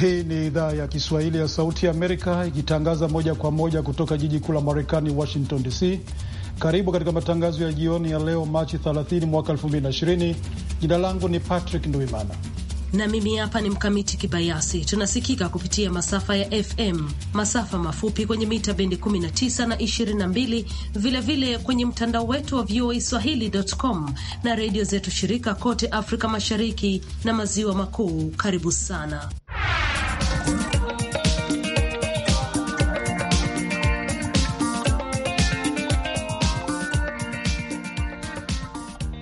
Hii ni idhaa ya Kiswahili ya Sauti ya Amerika ikitangaza moja kwa moja kutoka jiji kuu la Marekani, Washington DC. Karibu katika matangazo ya jioni ya leo Machi 30 mwaka 2020. Jina langu ni Patrick Ndwimana na mimi hapa ni Mkamiti Kibayasi. Tunasikika kupitia masafa ya FM, masafa mafupi kwenye mita bendi 19 na 22, vilevile vile kwenye mtandao wetu wa VOA Swahili.com na redio zetu shirika kote Afrika Mashariki na Maziwa Makuu. Karibu sana.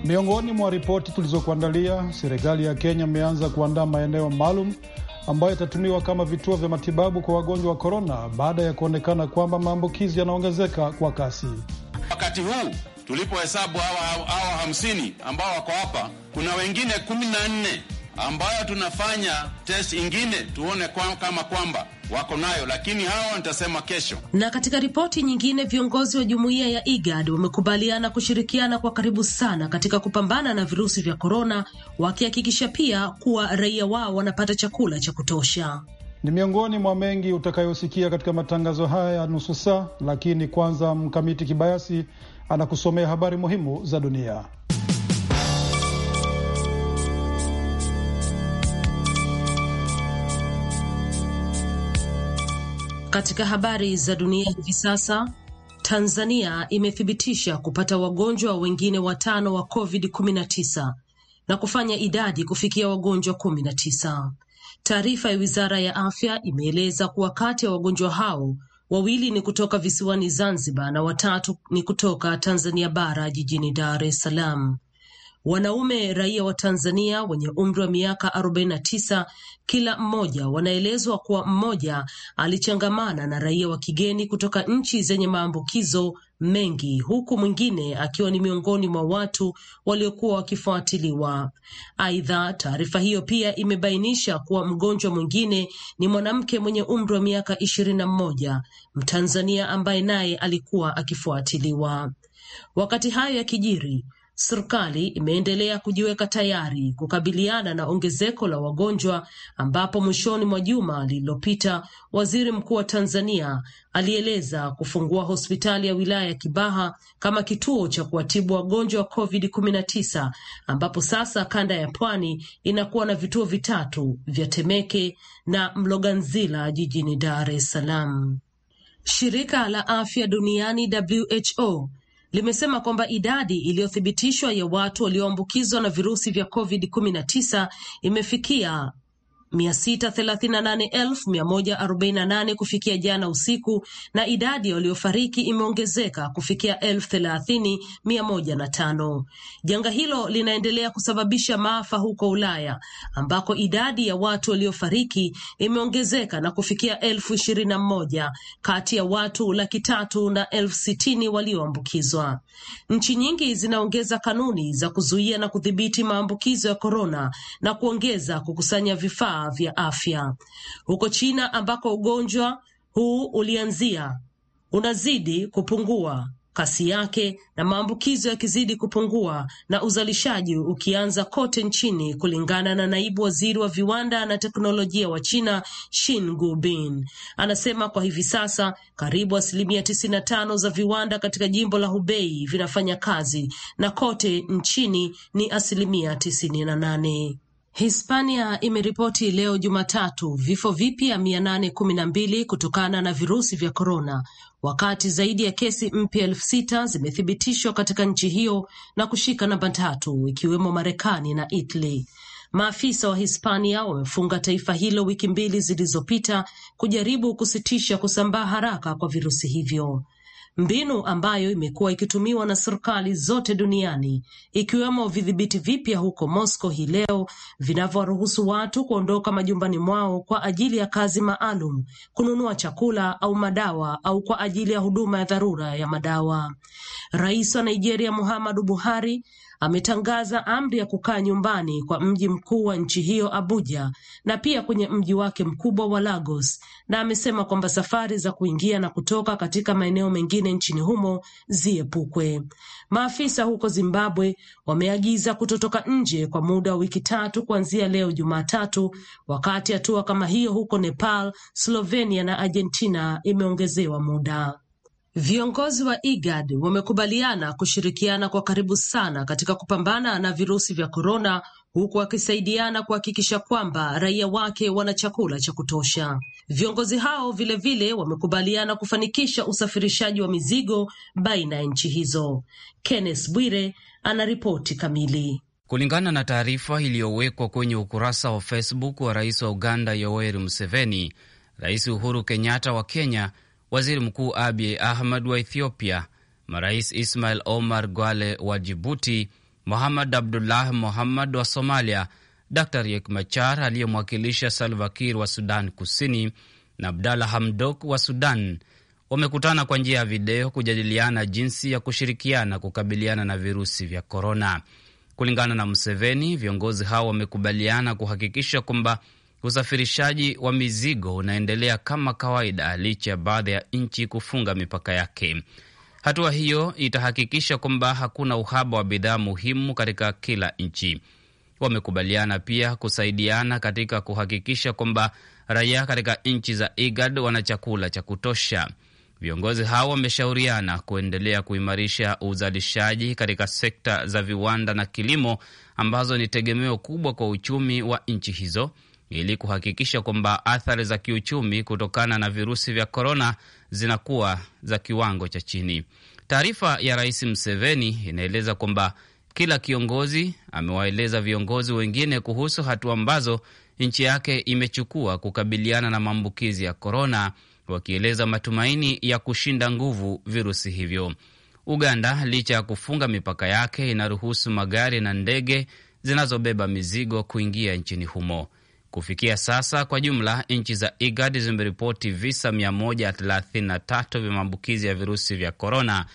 Miongoni mwa ripoti tulizokuandalia, serikali ya Kenya imeanza kuandaa maeneo maalum ambayo itatumiwa kama vituo vya matibabu kwa wagonjwa wa korona baada ya kuonekana kwamba maambukizi yanaongezeka kwa kasi. Wakati huu tulipohesabu hawa hamsini ambao wako hapa, kuna wengine kumi na nne ambayo tunafanya test ingine tuone kwa, kama kwamba wako nayo, lakini hawa nitasema kesho. Na katika ripoti nyingine, viongozi wa jumuiya ya IGAD wamekubaliana kushirikiana kwa karibu sana katika kupambana na virusi vya korona, wakihakikisha pia kuwa raia wao wanapata chakula cha kutosha. Ni miongoni mwa mengi utakayosikia katika matangazo haya ya nusu saa, lakini kwanza Mkamiti Kibayasi anakusomea habari muhimu za dunia. Katika habari za dunia hivi sasa, Tanzania imethibitisha kupata wagonjwa wengine watano wa COVID-19 na kufanya idadi kufikia wagonjwa 19. Taarifa ya Wizara ya Afya imeeleza kuwa kati ya wagonjwa hao wawili ni kutoka visiwani Zanzibar na watatu ni kutoka Tanzania bara jijini Dar es Salaam. Wanaume raia wa Tanzania wenye umri wa miaka 49 kila mmoja, wanaelezwa kuwa mmoja alichangamana na raia wa kigeni kutoka nchi zenye maambukizo mengi huku mwingine akiwa ni miongoni mwa watu waliokuwa wakifuatiliwa. Aidha, taarifa hiyo pia imebainisha kuwa mgonjwa mwingine ni mwanamke mwenye umri wa miaka ishirini na Mtanzania ambaye naye alikuwa akifuatiliwa. Wakati hayo yakijiri, serikali imeendelea kujiweka tayari kukabiliana na ongezeko la wagonjwa, ambapo mwishoni mwa juma lililopita waziri mkuu wa Tanzania alieleza kufungua hospitali ya wilaya ya Kibaha kama kituo cha kuwatibu wagonjwa wa COVID-19, ambapo sasa kanda ya Pwani inakuwa na vituo vitatu vya Temeke na Mloganzila jijini Dar es Salaam. Shirika la Afya Duniani WHO limesema kwamba idadi iliyothibitishwa ya watu walioambukizwa na virusi vya COVID-19 imefikia 638,148 kufikia jana usiku na idadi ya waliofariki imeongezeka kufikia 30,105. Janga hilo linaendelea kusababisha maafa huko Ulaya ambako idadi ya watu waliofariki imeongezeka na kufikia elfu na moja kati ya watu laki tatu na elfu sitini walioambukizwa. Nchi nyingi zinaongeza kanuni za kuzuia na kudhibiti maambukizo ya korona na kuongeza kukusanya vifaa vifaa vya afya. Huko China ambako ugonjwa huu ulianzia unazidi kupungua kasi yake na maambukizo yakizidi kupungua na uzalishaji ukianza kote nchini, kulingana na naibu waziri wa viwanda na teknolojia wa China Shin Gubin. Anasema kwa hivi sasa karibu asilimia tisini na tano za viwanda katika jimbo la Hubei vinafanya kazi na kote nchini ni asilimia tisini na nane. Hispania imeripoti leo Jumatatu vifo vipya mia nane kumi na mbili kutokana na virusi vya korona, wakati zaidi ya kesi mpya elfu sita zimethibitishwa katika nchi hiyo na kushika namba tatu ikiwemo Marekani na Italy. Maafisa wa Hispania wamefunga taifa hilo wiki mbili zilizopita kujaribu kusitisha kusambaa haraka kwa virusi hivyo mbinu ambayo imekuwa ikitumiwa na serikali zote duniani ikiwemo vidhibiti vipya huko Moscow hii leo vinavyowaruhusu watu kuondoka majumbani mwao kwa ajili ya kazi maalum, kununua chakula au madawa au kwa ajili ya huduma ya dharura ya madawa. Rais wa Nigeria Muhammadu Buhari ametangaza amri ya kukaa nyumbani kwa mji mkuu wa nchi hiyo Abuja na pia kwenye mji wake mkubwa wa Lagos, na amesema kwamba safari za kuingia na kutoka katika maeneo mengine nchini humo ziepukwe. Maafisa huko Zimbabwe wameagiza kutotoka nje kwa muda wa wiki tatu kuanzia leo Jumatatu, wakati hatua kama hiyo huko Nepal, Slovenia na Argentina imeongezewa muda. Viongozi wa IGAD wamekubaliana kushirikiana kwa karibu sana katika kupambana na virusi vya korona huku wakisaidiana kuhakikisha kwamba raia wake wana chakula cha kutosha. Viongozi hao vilevile vile wamekubaliana kufanikisha usafirishaji wa mizigo baina ya nchi hizo. Kenneth Bwire ana ripoti kamili. Kulingana na taarifa iliyowekwa kwenye ukurasa wa Facebook wa rais wa Uganda Yoweri Museveni, Rais Uhuru Kenyatta wa Kenya waziri mkuu Abiy Ahmed wa Ethiopia, marais Ismail Omar Gwale wa Jibuti, Mohamad Abdullah Mohammad wa Somalia, Dr Riek Machar aliyemwakilisha Salva Kiir wa Sudan Kusini na Abdalla Hamdok wa Sudan wamekutana kwa njia ya video kujadiliana jinsi ya kushirikiana kukabiliana na virusi vya korona. Kulingana na Museveni, viongozi hao wamekubaliana kuhakikisha kwamba usafirishaji wa mizigo unaendelea kama kawaida licha ya baadhi ya nchi kufunga mipaka yake. Hatua hiyo itahakikisha kwamba hakuna uhaba wa bidhaa muhimu katika kila nchi. Wamekubaliana pia kusaidiana katika kuhakikisha kwamba raia katika nchi za IGAD wana chakula cha kutosha. Viongozi hao wameshauriana kuendelea kuimarisha uzalishaji katika sekta za viwanda na kilimo ambazo ni tegemeo kubwa kwa uchumi wa nchi hizo ili kuhakikisha kwamba athari za kiuchumi kutokana na virusi vya korona zinakuwa za kiwango cha chini. Taarifa ya Rais mseveni inaeleza kwamba kila kiongozi amewaeleza viongozi wengine kuhusu hatua ambazo nchi yake imechukua kukabiliana na maambukizi ya korona, wakieleza matumaini ya kushinda nguvu virusi hivyo. Uganda, licha ya kufunga mipaka yake, inaruhusu magari na ndege zinazobeba mizigo kuingia nchini humo. Kufikia sasa, kwa jumla nchi za IGAD zimeripoti visa 133 vya maambukizi ya virusi vya korona,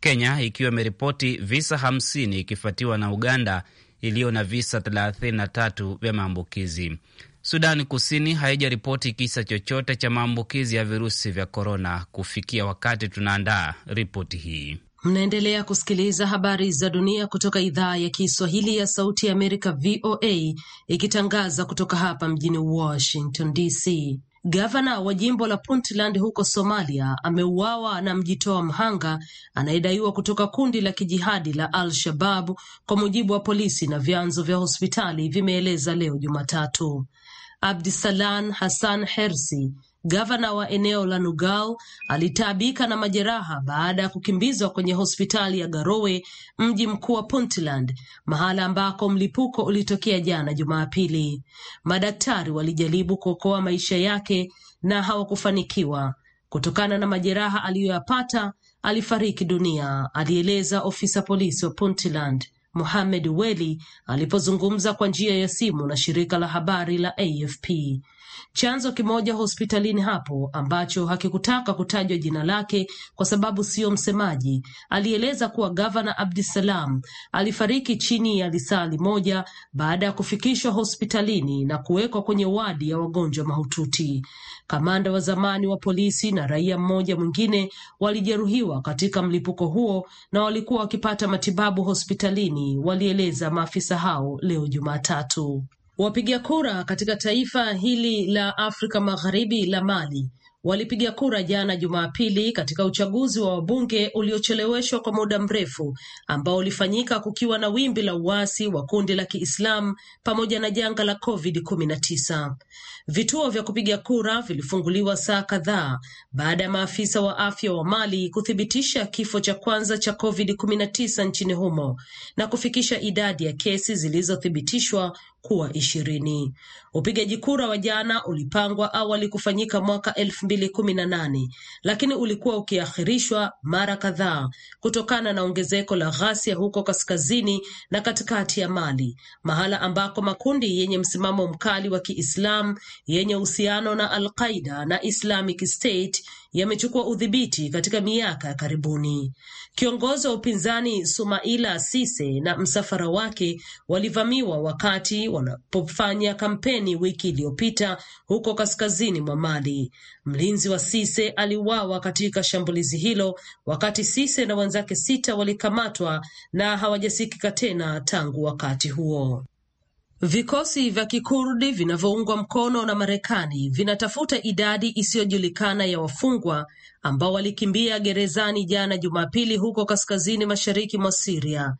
Kenya ikiwa imeripoti visa 50 ikifuatiwa na Uganda iliyo na visa 33 vya maambukizi. Sudani Kusini haijaripoti kisa chochote cha maambukizi ya virusi vya korona kufikia wakati tunaandaa ripoti hii. Mnaendelea kusikiliza habari za dunia kutoka idhaa ya Kiswahili ya Sauti ya Amerika, VOA, ikitangaza kutoka hapa mjini Washington DC. Gavana wa jimbo la Puntland huko Somalia ameuawa na mjitoa mhanga anayedaiwa kutoka kundi la kijihadi la Al-Shabab, kwa mujibu wa polisi na vyanzo vya hospitali vimeeleza leo Jumatatu. Abdisalan Hassan Hersi Gavana wa eneo la Nugal alitaabika na majeraha baada ya kukimbizwa kwenye hospitali ya Garowe, mji mkuu wa Puntland, mahala ambako mlipuko ulitokea jana Jumapili. Madaktari walijaribu kuokoa maisha yake na hawakufanikiwa. Kutokana na majeraha aliyoyapata, alifariki dunia, alieleza ofisa polisi wa Puntland Mohamed Weli alipozungumza kwa njia ya simu na shirika la habari la AFP. Chanzo kimoja hospitalini hapo ambacho hakikutaka kutajwa jina lake kwa sababu siyo msemaji, alieleza kuwa gavana Abdisalam alifariki chini ya lisali moja baada ya kufikishwa hospitalini na kuwekwa kwenye wadi ya wagonjwa mahututi. Kamanda wa zamani wa polisi na raia mmoja mwingine walijeruhiwa katika mlipuko huo na walikuwa wakipata matibabu hospitalini, walieleza maafisa hao leo Jumatatu. Wapiga kura katika taifa hili la Afrika Magharibi la Mali walipiga kura jana Jumapili katika uchaguzi wa wabunge uliocheleweshwa kwa muda mrefu ambao ulifanyika kukiwa na wimbi la uasi wa kundi la Kiislamu pamoja na janga la COVID-19. Vituo vya kupiga kura vilifunguliwa saa kadhaa baada ya maafisa wa afya wa Mali kuthibitisha kifo cha kwanza cha COVID-19 nchini humo na kufikisha idadi ya kesi zilizothibitishwa kuwa ishirini. Upigaji kura wa jana ulipangwa awali kufanyika mwaka elfu mbili kumi na nane lakini ulikuwa ukiahirishwa mara kadhaa kutokana na ongezeko la ghasia huko kaskazini na katikati ya Mali, mahala ambako makundi yenye msimamo mkali wa Kiislamu yenye uhusiano na Al Qaida na Islamic State yamechukua udhibiti katika miaka ya karibuni. Kiongozi wa upinzani Sumaila Sise na msafara wake walivamiwa wakati wanapofanya kampeni wiki iliyopita huko kaskazini mwa Mali. Mlinzi wa Sise aliuawa katika shambulizi hilo, wakati Sise na wenzake sita walikamatwa na hawajasikika tena tangu wakati huo. Vikosi vya kikurdi vinavyoungwa mkono na Marekani vinatafuta idadi isiyojulikana ya wafungwa ambao walikimbia gerezani jana Jumapili huko kaskazini mashariki mwa Siria.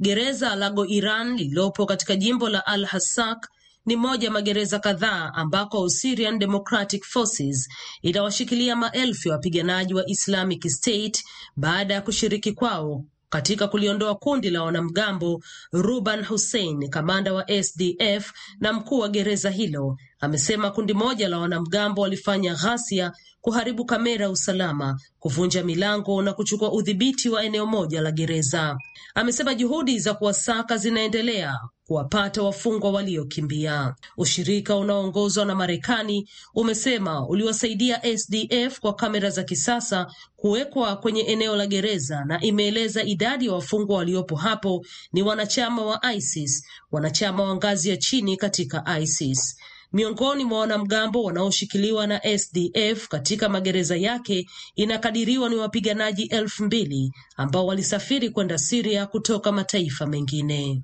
Gereza la Goiran lililopo katika jimbo la Al Hasak ni moja magereza kadhaa ambako Syrian Democratic Forces inawashikilia maelfu ya wapiganaji wa Islamic State baada ya kushiriki kwao katika kuliondoa kundi la wanamgambo. Ruban Hussein, kamanda wa SDF na mkuu wa gereza hilo, amesema kundi moja la wanamgambo walifanya ghasia kuharibu kamera usalama, kuvunja milango na kuchukua udhibiti wa eneo moja la gereza. Amesema juhudi za kuwasaka zinaendelea kuwapata wafungwa waliokimbia. Ushirika unaoongozwa na Marekani umesema uliwasaidia SDF kwa kamera za kisasa kuwekwa kwenye eneo la gereza, na imeeleza idadi ya wafungwa waliopo hapo ni wanachama wa ISIS, wanachama wa ngazi ya chini katika ISIS. Miongoni mwa wanamgambo wanaoshikiliwa na SDF katika magereza yake inakadiriwa ni wapiganaji elfu mbili ambao walisafiri kwenda Siria kutoka mataifa mengine.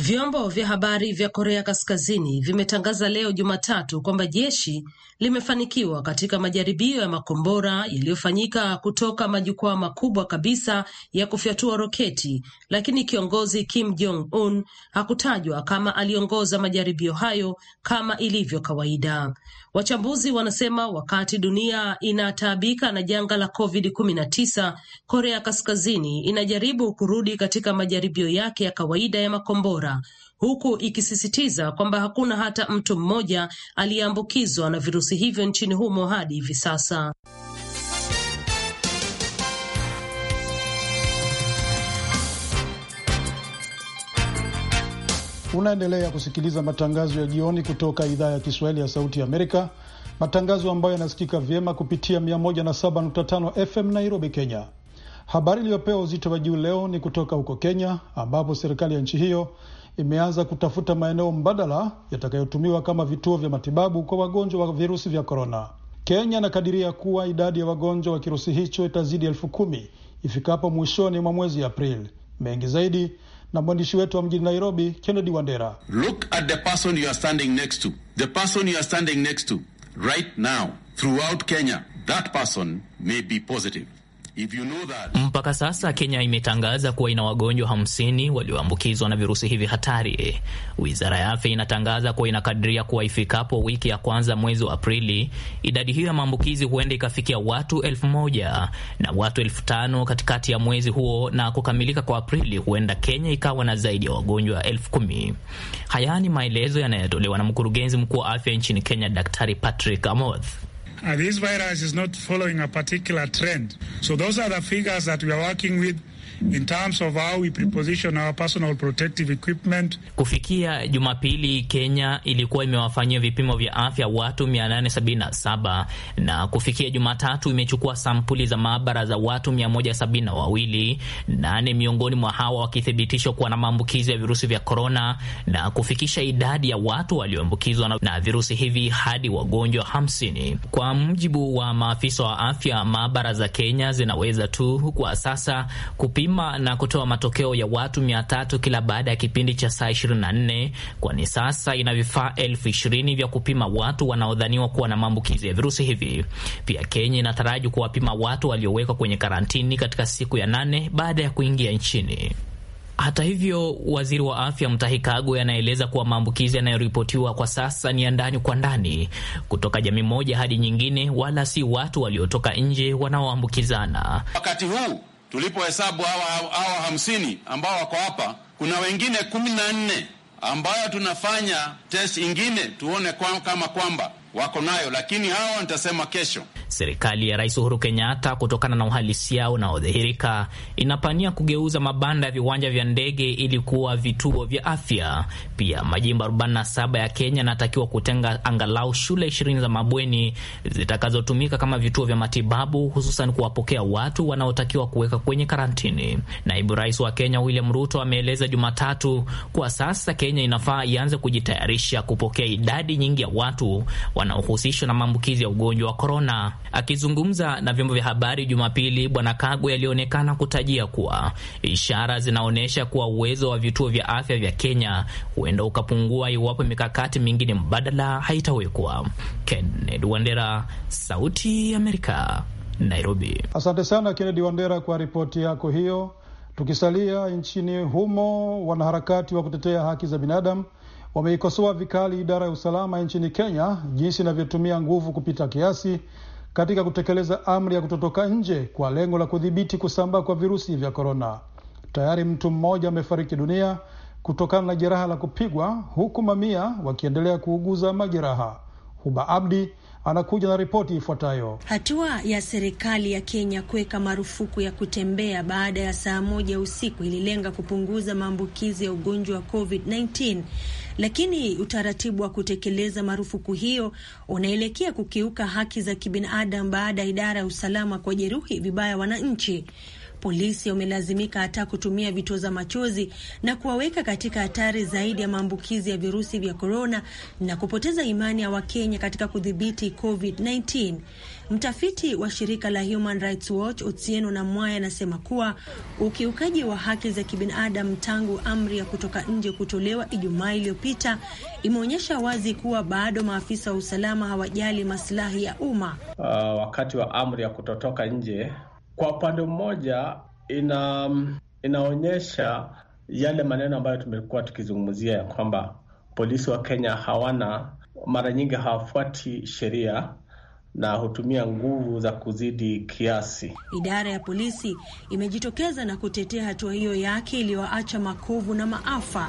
Vyombo vya habari vya Korea Kaskazini vimetangaza leo Jumatatu kwamba jeshi limefanikiwa katika majaribio ya makombora yaliyofanyika kutoka majukwaa makubwa kabisa ya kufyatua roketi, lakini kiongozi Kim Jong Un hakutajwa kama aliongoza majaribio hayo kama ilivyo kawaida. Wachambuzi wanasema wakati dunia inataabika na janga la COVID-19, Korea Kaskazini inajaribu kurudi katika majaribio yake ya kawaida ya makombora huku ikisisitiza kwamba hakuna hata mtu mmoja aliyeambukizwa na virusi hivyo nchini humo hadi hivi sasa. Unaendelea kusikiliza matangazo ya jioni kutoka idhaa ya Kiswahili ya Sauti Amerika, matangazo ambayo yanasikika vyema kupitia 107.5 FM Nairobi, Kenya. Habari iliyopewa uzito wa juu leo ni kutoka huko Kenya, ambapo serikali ya nchi hiyo imeanza kutafuta maeneo mbadala yatakayotumiwa kama vituo vya matibabu kwa wagonjwa wa virusi vya korona. Kenya inakadiria kuwa idadi ya wagonjwa wa kirusi hicho itazidi elfu kumi ifikapo mwishoni mwa mwezi Aprili. Mengi zaidi na mwandishi wetu wa mjini Nairobi, Kennedy Wandera. Look at the person you are standing next to, the person you are standing next to right now throughout Kenya, that person may be positive you know that... Mpaka sasa Kenya imetangaza kuwa ina wagonjwa hamsini walioambukizwa na virusi hivi hatari. Wizara ya afya inatangaza kuwa inakadiria kuwa ifikapo wiki ya kwanza mwezi wa Aprili, idadi hiyo ya maambukizi huenda ikafikia watu elfu moja na watu elfu tano katikati ya mwezi huo, na kukamilika kwa Aprili huenda Kenya ikawa na zaidi ya wagonjwa elfu kumi. Haya ni maelezo yanayotolewa na mkurugenzi mkuu wa afya nchini Kenya, Daktari Patrick Amoth. Uh, this virus is not following a particular trend. So those are the figures that we are working with. In terms of how we preposition our personal protective equipment. Kufikia Jumapili, Kenya ilikuwa imewafanyia vipimo vya afya watu 877 na kufikia Jumatatu imechukua sampuli za maabara za watu 172, nane miongoni mwa hawa wakithibitishwa kuwa na maambukizi ya virusi vya korona na kufikisha idadi ya watu walioambukizwa na virusi hivi hadi wagonjwa 50. Kwa mjibu wa maafisa wa afya, maabara za Kenya zinaweza tu kwa sasa kupi kupima na kutoa matokeo ya watu mia tatu kila baada ya kipindi cha saa 24 kwani sasa ina vifaa elfu ishirini vya kupima watu wanaodhaniwa kuwa na maambukizi ya virusi hivi. Pia Kenya inataraji kuwapima watu waliowekwa kwenye karantini katika siku ya nane baada ya kuingia nchini. Hata hivyo, waziri wa afya Mutahi Kagwe anaeleza kuwa maambukizi yanayoripotiwa kwa sasa ni ya ndani kwa ndani, kutoka jamii moja hadi nyingine, wala si watu waliotoka nje wanaoambukizana. Wakati huu tulipohesabu hawa, hawa hamsini ambao wako hapa, kuna wengine kumi na nne ambayo tunafanya test ingine tuone kwa, kama kwamba wako nayo, lakini hawa nitasema kesho. Serikali ya Rais Uhuru Kenyatta, kutokana na uhalisia unaodhihirika, inapania kugeuza mabanda ya viwanja vya ndege ili kuwa vituo vya afya. Pia majimbo 47 ya Kenya yanatakiwa kutenga angalau shule ishirini za mabweni zitakazotumika kama vituo vya matibabu, hususan kuwapokea watu wanaotakiwa kuweka kwenye karantini. Naibu Rais wa Kenya William Ruto ameeleza Jumatatu kuwa sasa Kenya inafaa ianze kujitayarisha kupokea idadi nyingi ya watu wana wanaohusishwa na maambukizi ya ugonjwa wa korona. Akizungumza na vyombo vya habari Jumapili, Bwana Kagwe alionekana kutajia kuwa ishara zinaonyesha kuwa uwezo wa vituo vya afya vya Kenya huenda ukapungua iwapo mikakati mingine mbadala haitawekwa. Kennedy Wandera, Sauti ya Amerika, Nairobi. Asante sana Kennedy Wandera kwa ripoti yako hiyo. Tukisalia nchini humo, wanaharakati wa kutetea haki za binadamu wameikosoa vikali idara ya usalama nchini Kenya jinsi inavyotumia nguvu kupita kiasi katika kutekeleza amri ya kutotoka nje kwa lengo la kudhibiti kusambaa kwa virusi vya korona. Tayari mtu mmoja amefariki dunia kutokana na jeraha la kupigwa huku mamia wakiendelea kuuguza majeraha. Huba Abdi anakuja na ripoti ifuatayo. Hatua ya serikali ya Kenya kuweka marufuku ya kutembea baada ya saa moja usiku ililenga kupunguza maambukizi ya ugonjwa wa COVID-19 lakini utaratibu wa kutekeleza marufuku hiyo unaelekea kukiuka haki za kibinadamu baada ya idara ya usalama jeruhi vibaya wananchi. Polisi wamelazimika hata kutumia vitoza machozi na kuwaweka katika hatari zaidi ya maambukizi ya virusi vya korona na kupoteza imani ya Wakenya katika kudhibiti COVID-19. Mtafiti wa shirika la Human Rights Watch Otieno na Mwaya anasema kuwa ukiukaji wa haki za kibinadamu tangu amri ya kutoka nje kutolewa Ijumaa iliyopita imeonyesha wazi kuwa bado maafisa wa usalama hawajali masilahi ya umma. Uh, wakati wa amri ya kutotoka nje kwa upande mmoja ina inaonyesha yale maneno ambayo tumekuwa tukizungumzia ya kwamba polisi wa Kenya hawana, mara nyingi hawafuati sheria na hutumia nguvu za kuzidi kiasi. Idara ya polisi imejitokeza na kutetea hatua hiyo yake iliyoacha makovu na maafa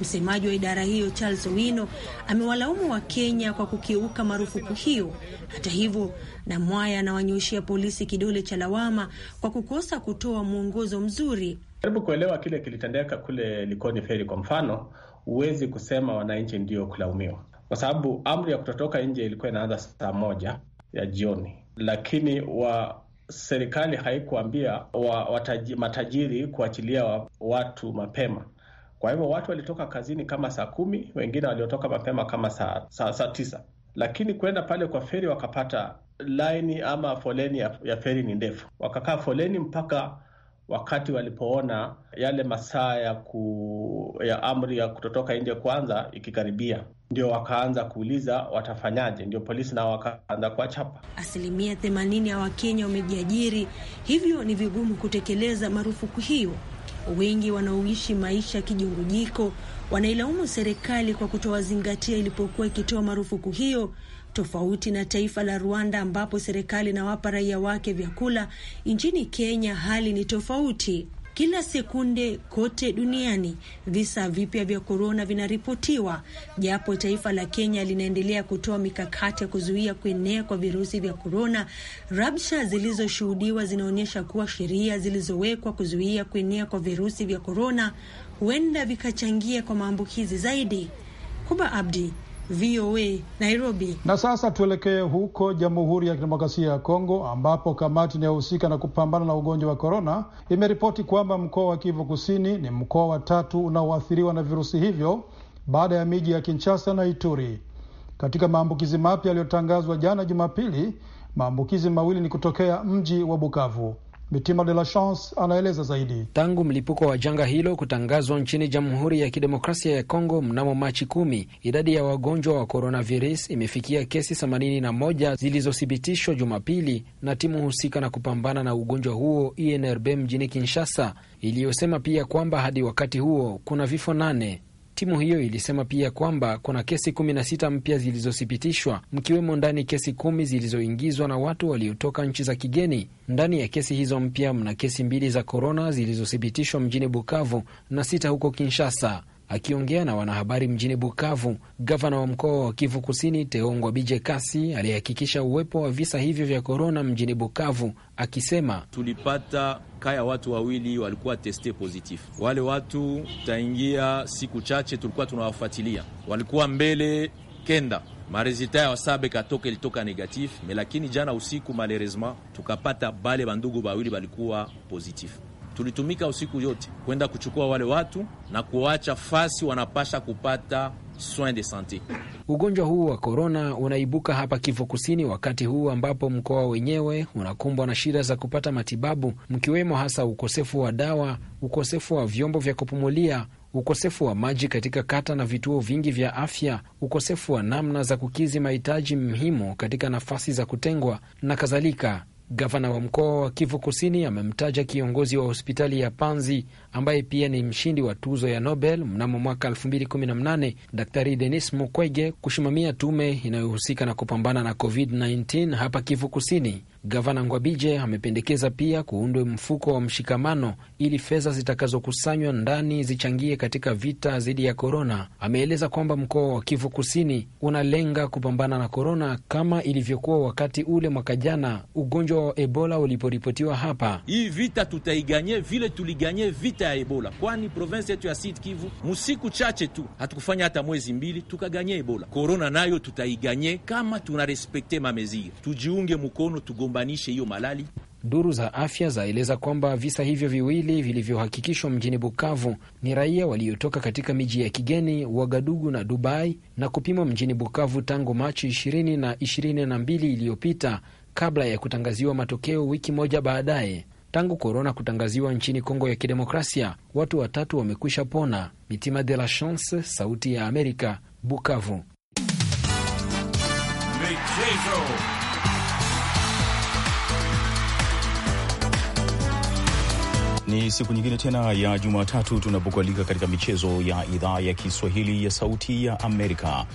Msemaji wa idara hiyo Charles Owino amewalaumu wa kenya kwa kukiuka marufuku hiyo. Hata hivyo, Namwaya anawanyoshia polisi kidole cha lawama kwa kukosa kutoa mwongozo mzuri. Jaribu kuelewa kile kilitendeka kule Likoni Feri kwa mfano, huwezi kusema wananchi ndio kulaumiwa, kwa sababu amri ya kutotoka nje ilikuwa inaanza saa moja ya jioni, lakini wa serikali haikuambia wa, matajiri kuachilia wa, watu mapema. Kwa hivyo watu walitoka kazini kama saa kumi, wengine waliotoka mapema kama saa, saa, saa tisa, lakini kwenda pale kwa feri wakapata laini ama foleni ya, ya feri ni ndefu, wakakaa foleni mpaka wakati walipoona yale masaa ya, ku, ya amri ya kutotoka nje kwanza ikikaribia, ndio wakaanza kuuliza watafanyaje, ndio polisi nao wakaanza kuwachapa. Asilimia themanini ya Wakenya wamejiajiri, hivyo ni vigumu kutekeleza marufuku hiyo wengi wanaoishi maisha ya kijungujiko wanailaumu serikali kwa kutowazingatia ilipokuwa ikitoa marufuku hiyo, tofauti na taifa la Rwanda ambapo serikali inawapa raia wake vyakula. Nchini Kenya hali ni tofauti. Kila sekunde kote duniani visa vipya vya korona vinaripotiwa, japo taifa la Kenya linaendelea kutoa mikakati ya kuzuia kuenea kwa virusi vya korona. Rabsha zilizoshuhudiwa zinaonyesha kuwa sheria zilizowekwa kuzuia kuenea kwa virusi vya korona huenda vikachangia kwa maambukizi zaidi. Kuba Abdi, VOA Nairobi. Na sasa tuelekee huko Jamhuri ya Kidemokrasia ya Kongo, ambapo kamati inayohusika na kupambana na ugonjwa wa korona imeripoti kwamba mkoa wa Kivu Kusini ni mkoa wa tatu unaoathiriwa na virusi hivyo baada ya miji ya Kinshasa na Ituri. Katika maambukizi mapya yaliyotangazwa jana Jumapili, maambukizi mawili ni kutokea mji wa Bukavu. Mitima de la Chance anaeleza zaidi. Tangu mlipuko wa janga hilo kutangazwa nchini Jamhuri ya Kidemokrasia ya Kongo mnamo Machi kumi, idadi ya wagonjwa wa coronavirus imefikia kesi 81 zilizothibitishwa Jumapili na timu husika na kupambana na ugonjwa huo INRB mjini Kinshasa, iliyosema pia kwamba hadi wakati huo kuna vifo nane. Timu hiyo ilisema pia kwamba kuna kesi 16 mpya zilizothibitishwa, mkiwemo ndani kesi kumi zilizoingizwa na watu waliotoka nchi za kigeni. Ndani ya kesi hizo mpya mna kesi mbili za korona zilizothibitishwa mjini Bukavu na sita huko Kinshasa. Akiongea na wanahabari mjini Bukavu, gavana wa mkoa wa Kivu Kusini Teongwa Bije Kasi aliyehakikisha uwepo wa visa hivyo vya korona mjini Bukavu akisema, tulipata kaya watu wawili walikuwa teste positif. Wale watu tutaingia siku chache, tulikuwa tunawafuatilia, walikuwa mbele kenda maresulta ya wasabe katoka ilitoka negatif me, lakini jana usiku malheureusement tukapata bale bandugu bawili balikuwa positif tulitumika usiku yote kwenda kuchukua wale watu na kuwacha fasi wanapasha kupata de sante. Ugonjwa huu wa korona unaibuka hapa Kivu Kusini wakati huu ambapo mkoa wenyewe unakumbwa na shida za kupata matibabu, mkiwemo hasa ukosefu wa dawa, ukosefu wa vyombo vya kupumulia ukosefu wa maji katika kata na vituo vingi vya afya, ukosefu wa namna za kukidhi mahitaji muhimu katika nafasi za kutengwa na kadhalika. Gavana wa mkoa wa Kivu Kusini amemtaja kiongozi wa hospitali ya Panzi ambaye pia ni mshindi wa tuzo ya Nobel mnamo mwaka 2018 Daktari Denis Mukwege kusimamia tume inayohusika na kupambana na COVID-19 hapa Kivu Kusini. Gavana Ngwabije amependekeza pia kuundwe mfuko wa mshikamano ili fedha zitakazokusanywa ndani zichangie katika vita dhidi ya korona. Ameeleza kwamba mkoa wa Kivu Kusini unalenga kupambana na korona kama ilivyokuwa wakati ule mwaka jana ugonjwa wa Ebola uliporipotiwa hapa. Hii vita tutaiganye vile tuliganye vita ya Ebola, kwani provensi yetu ya Sud Kivu musiku chache tu hatukufanya hata mwezi mbili tukaganye Ebola. Korona nayo tutaiganye kama tunarespekte mamezia, tujiunge mkono tugo waumbanishe hiyo malali. Duru za afya zaeleza kwamba visa hivyo viwili vilivyohakikishwa mjini Bukavu ni raia waliotoka katika miji ya kigeni Wagadugu na Dubai na kupimwa mjini Bukavu tangu Machi 20 na 22 iliyopita kabla ya kutangaziwa matokeo wiki moja baadaye. Tangu korona kutangaziwa nchini Kongo ya Kidemokrasia, watu watatu wamekwisha pona. Mitima de la Chance, Sauti ya Amerika, Bukavu. Michezo. Ni siku nyingine tena ya Jumatatu tunapokualika katika michezo ya idhaa ya Kiswahili ya Sauti ya Amerika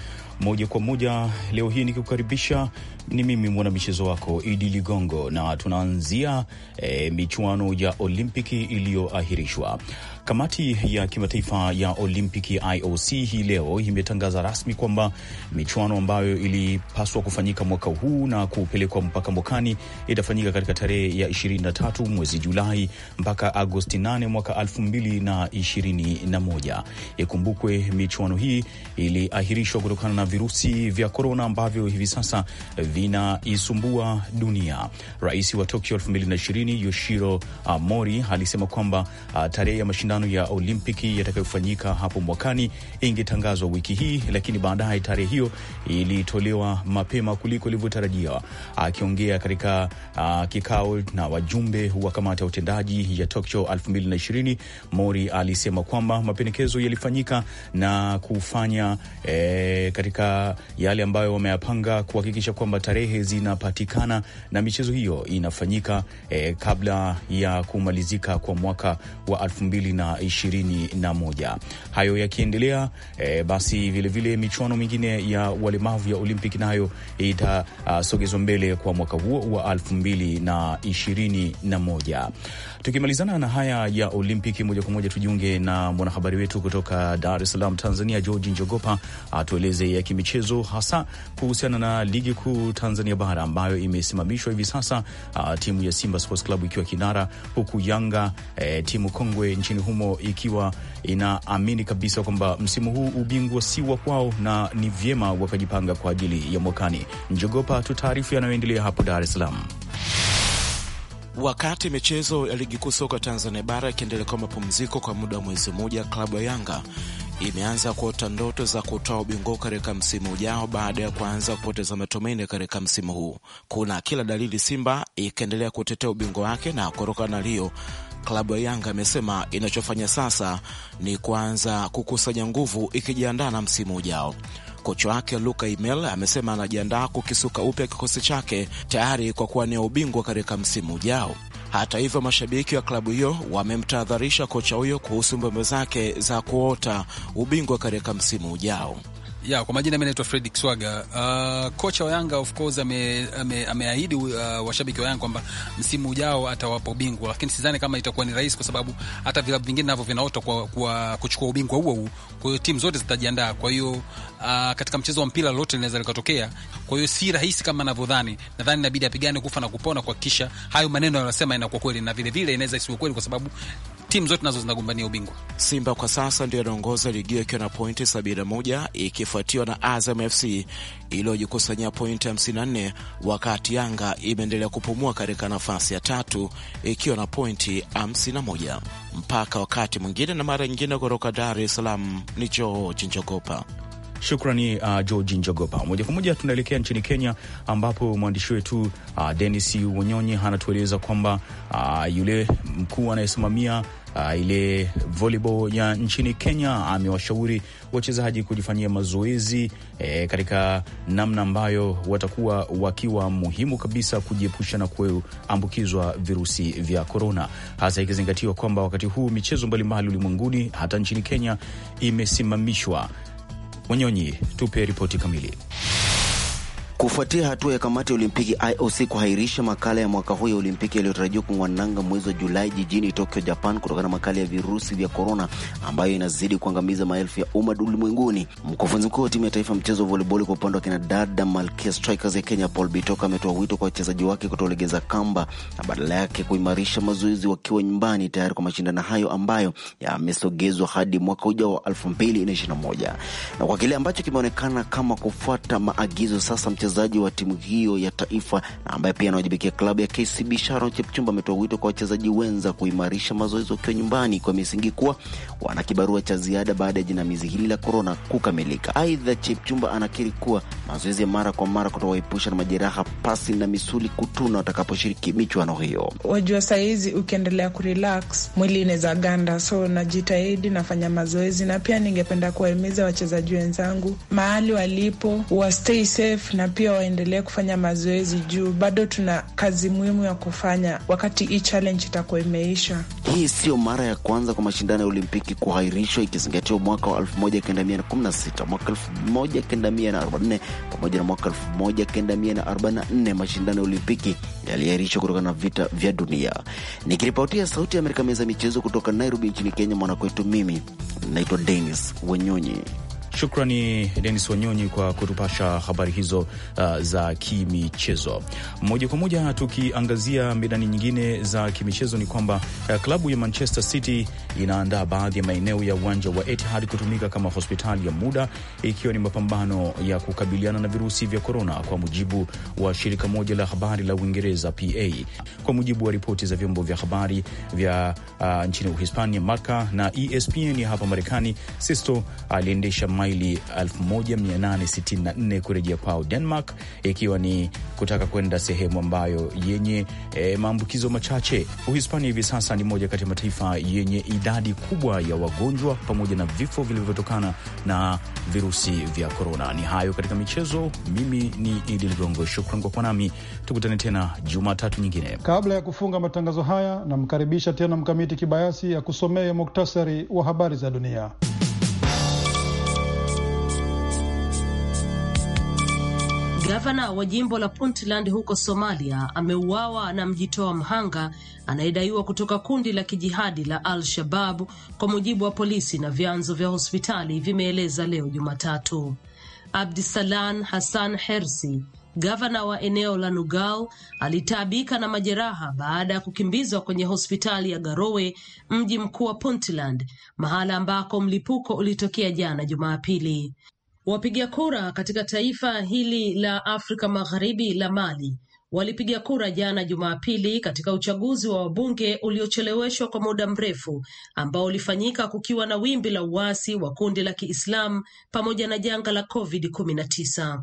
moja kwa moja. Leo hii nikikukaribisha, ni mimi mwanamichezo wako Idi Ligongo, na tunaanzia e, michuano ya Olimpiki iliyoahirishwa Kamati ya kimataifa ya Olimpiki IOC hii leo imetangaza rasmi kwamba michuano ambayo ilipaswa kufanyika mwaka huu na kupelekwa mpaka mwakani itafanyika katika tarehe ya 23 mwezi Julai mpaka Agosti 8 mwaka 2021. Ikumbukwe michuano hii iliahirishwa kutokana na virusi vya korona ambavyo hivi sasa vinaisumbua dunia. Rais wa Tokyo 2020 Yoshiro Mori alisema kwamba ah, tarehe ya mashindano mashindano ya Olimpiki yatakayofanyika hapo mwakani ingetangazwa wiki hii, lakini baadaye tarehe hiyo ilitolewa mapema kuliko ilivyotarajiwa. Akiongea katika uh, kikao na wajumbe wa kamati ya utendaji ya Tokyo 2020 Mori alisema kwamba mapendekezo yalifanyika na kufanya eh, katika yale ambayo wameyapanga kuhakikisha kwamba tarehe zinapatikana na michezo hiyo inafanyika eh, kabla ya kumalizika kwa mwaka wa elfu mbili na na ishirini na moja. Hayo yakiendelea e, basi vilevile vile michuano mingine ya walemavu ya Olympic nayo itasogezwa mbele kwa mwaka huo wa elfu mbili na ishirini na moja. Tukimalizana na haya ya Olimpiki moja kwa moja, tujiunge na mwanahabari wetu kutoka Dar es Salaam, Tanzania, Georgi Njogopa atueleze ya kimichezo, hasa kuhusiana na ligi kuu Tanzania Bara ambayo imesimamishwa hivi sasa, timu ya Simba Sports Club ikiwa kinara, huku Yanga e, timu kongwe nchini humo ikiwa inaamini kabisa kwamba msimu huu ubingwa si wa kwao na ni vyema wakajipanga kwa ajili ya mwakani. Njogopa, tutaarifu yanayoendelea hapo Dar es Salaam. Wakati michezo ya ligi kuu soka Tanzania bara ikiendelea kwa mapumziko kwa muda wa mwezi mmoja, klabu ya Yanga imeanza kuota ndoto za kutoa ubingwa katika msimu ujao baada ya kuanza kupoteza matumaini katika msimu huu. Kuna kila dalili Simba ikiendelea kutetea ubingwa wake na na lio Klabu ya Yanga imesema inachofanya sasa ni kuanza kukusanya nguvu ikijiandaa na msimu ujao. Kocha wake Luka Imel amesema anajiandaa kukisuka upya kikosi chake tayari kwa kuwania ubingwa katika msimu ujao. Hata hivyo, mashabiki wa klabu hiyo wamemtahadharisha kocha huyo kuhusu mbembe zake za kuota ubingwa katika msimu ujao. Ya, kwa majina mi naitwa Fredi Swaga. Uh, kocha wa Yanga of course ameahidi ame, ame uh, washabiki wa Yanga kwamba msimu ujao atawapa ubingwa, lakini sidhani kama itakuwa ni rahisi kwa sababu hata vilabu vingine navyo vinaota kwa, kwa kuchukua ubingwa huo huo. Kwa hiyo timu zote zitajiandaa. Kwa hiyo uh, katika mchezo wa mpira lolote linaweza likatokea. Kwa hiyo si rahisi kama anavyodhani. Nadhani inabidi apigane kufa na kupona kuhakikisha hayo maneno yanasema inakuwa kweli, na vile vile inaweza isiwe kweli, kwa sababu timu zote nazo zinagombania ubingwa. Simba kwa sasa ndio anaongoza ligi ikiwa na pointi 71 ikifuatiwa na Azam FC iliyojikusanyia pointi 54, wakati Yanga imeendelea kupumua katika nafasi ya tatu ikiwa na pointi 51. Mpaka wakati mwingine na mara nyingine, kutoka Dar es Salaam ni George Njogopa. Shukrani uh, Georgi Njogopa. Moja kwa moja tunaelekea nchini Kenya, ambapo mwandishi wetu uh, Denis Wanyonyi anatueleza kwamba uh, yule mkuu anayesimamia Uh, ile volleyball ya nchini Kenya amewashauri wachezaji kujifanyia mazoezi e, katika namna ambayo watakuwa wakiwa muhimu kabisa kujiepusha na kuambukizwa virusi vya korona, hasa ikizingatiwa kwamba wakati huu michezo mbalimbali ulimwenguni hata nchini Kenya imesimamishwa. Wanyonyi, tupe ripoti kamili. Kufuatia hatua ya kamati ya Olimpiki IOC kuhairisha makala ya mwaka huu ya Olimpiki yaliyotarajiwa kungwananga mwezi wa Julai jijini Tokyo, Japan, kutokana na makala ya virusi vya korona ambayo inazidi kuangamiza maelfu ya umma ulimwenguni, mkufunzi mkuu wa timu ya taifa mchezo wa voliboli kwa upande wa kina dada Malkia Strikers ya Kenya, Paul Bitoka, ametoa wito kwa wachezaji wake kutolegeza kamba na badala yake kuimarisha mazoezi wakiwa nyumbani tayari kwa mashindano hayo ambayo yamesogezwa hadi mwaka ujao wa 2021 na kwa kile ambacho kimeonekana kama kufuata maagizo sasa mchezo mchezaji wa timu hiyo ya taifa na ambaye pia anawajibikia klabu ya KCB Sharon Chepchumba ametoa wito kwa wachezaji wenza kuimarisha mazoezi wakiwa nyumbani kwa misingi kuwa wana kibarua cha ziada baada ya jinamizi hili la korona kukamilika. Aidha, Chepchumba anakiri kuwa mazoezi ya mara kwa mara kutowaepusha na majeraha pasi na misuli kutuna watakaposhiriki michuano hiyo. Wajua sahizi ukiendelea kurelax mwili inaweza ganda, so najitahidi nafanya mazoezi, na pia ningependa kuwahimiza wachezaji wenzangu mahali walipo wa stay safe na pia pia waendelee kufanya mazoezi juu bado tuna kazi muhimu ya kufanya wakati hii challenge itakuwa imeisha. Hii siyo mara ya kwanza kwa mashindano ya Olimpiki kuhairishwa ikizingatiwa mwaka wa 1916, mwaka 1944 pamoja na mwaka 1944 mashindano ya Olimpiki yalihairishwa kutokana na vita vya dunia. Nikiripotia Sauti ya Amerika meza michezo kutoka Nairobi nchini Kenya, mwanakwetu mimi naitwa Denis Wenyonyi. Shukrani Denis Wanyonyi kwa kutupasha habari hizo uh, za kimichezo. Moja kwa moja tukiangazia medani nyingine za kimichezo ni kwamba uh, klabu ya Manchester City inaandaa baadhi ya maeneo ya uwanja wa Etihad kutumika kama hospitali ya muda, ikiwa ni mapambano ya kukabiliana na virusi vya korona, kwa mujibu wa shirika moja la habari la Uingereza PA. Kwa mujibu wa ripoti za vyombo vya habari vya uh, nchini Uhispania Marca na ESPN ya hapa Marekani, Sisto aliendesha uh, maili 1864 kurejea Pau, Denmark, ikiwa ni kutaka kwenda sehemu ambayo yenye e, maambukizo machache. Uhispania hivi sasa ni moja kati ya mataifa yenye idadi kubwa ya wagonjwa pamoja na vifo vilivyotokana na virusi vya korona. Ni hayo katika michezo. Mimi ni Idi Ligongo, shukran kwa kuwa nami, tukutane tena Jumatatu nyingine. Kabla ya kufunga matangazo haya, namkaribisha tena Mkamiti Kibayasi akusomee muktasari wa habari za dunia. Gavana wa jimbo la Puntland huko Somalia ameuawa na mjitoa mhanga anayedaiwa kutoka kundi la kijihadi la al shabab kwa mujibu wa polisi na vyanzo vya hospitali vimeeleza leo Jumatatu. Abdisalan Hassan Hersi, gavana wa eneo la Nugal, alitaabika na majeraha baada ya kukimbizwa kwenye hospitali ya Garowe, mji mkuu wa Puntland, mahala ambako mlipuko ulitokea jana Jumapili. Wapiga kura katika taifa hili la Afrika Magharibi la Mali walipiga kura jana Jumapili katika uchaguzi wa wabunge uliocheleweshwa kwa muda mrefu ambao ulifanyika kukiwa na wimbi la uasi wa kundi la Kiislamu pamoja na janga la COVID-19.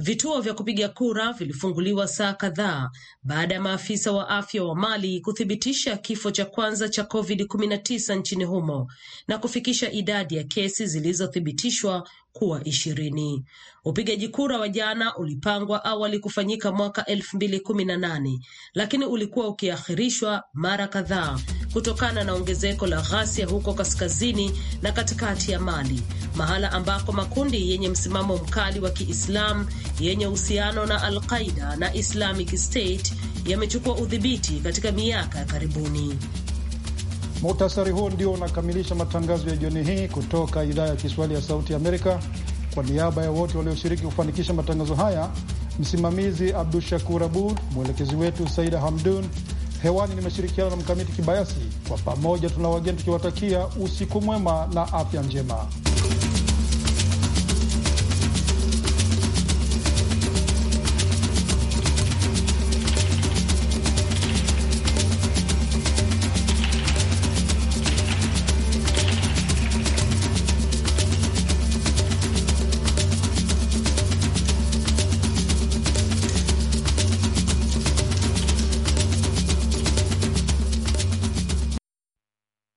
Vituo vya kupiga kura vilifunguliwa saa kadhaa baada ya maafisa wa afya wa Mali kuthibitisha kifo cha kwanza cha COVID-19 nchini humo na kufikisha idadi ya kesi zilizothibitishwa kuwa ishirini. Upigaji kura wa jana ulipangwa awali kufanyika mwaka elfu mbili kumi na nane lakini ulikuwa ukiahirishwa mara kadhaa kutokana na ongezeko la ghasia huko kaskazini na katikati ya Mali, mahala ambako makundi yenye msimamo mkali wa Kiislamu yenye uhusiano na Al-Qaida na Islamic State yamechukua udhibiti katika miaka ya karibuni. Muhtasari huo ndio unakamilisha matangazo ya jioni hii kutoka idhaa ya Kiswahili ya Sauti Amerika. Kwa niaba ya wote walioshiriki kufanikisha matangazo haya, msimamizi Abdu Shakur Abud, mwelekezi wetu Saida Hamdun. Hewani nimeshirikiana na Mkamiti Kibayasi. Kwa pamoja tuna wageni tukiwatakia usiku mwema na afya njema.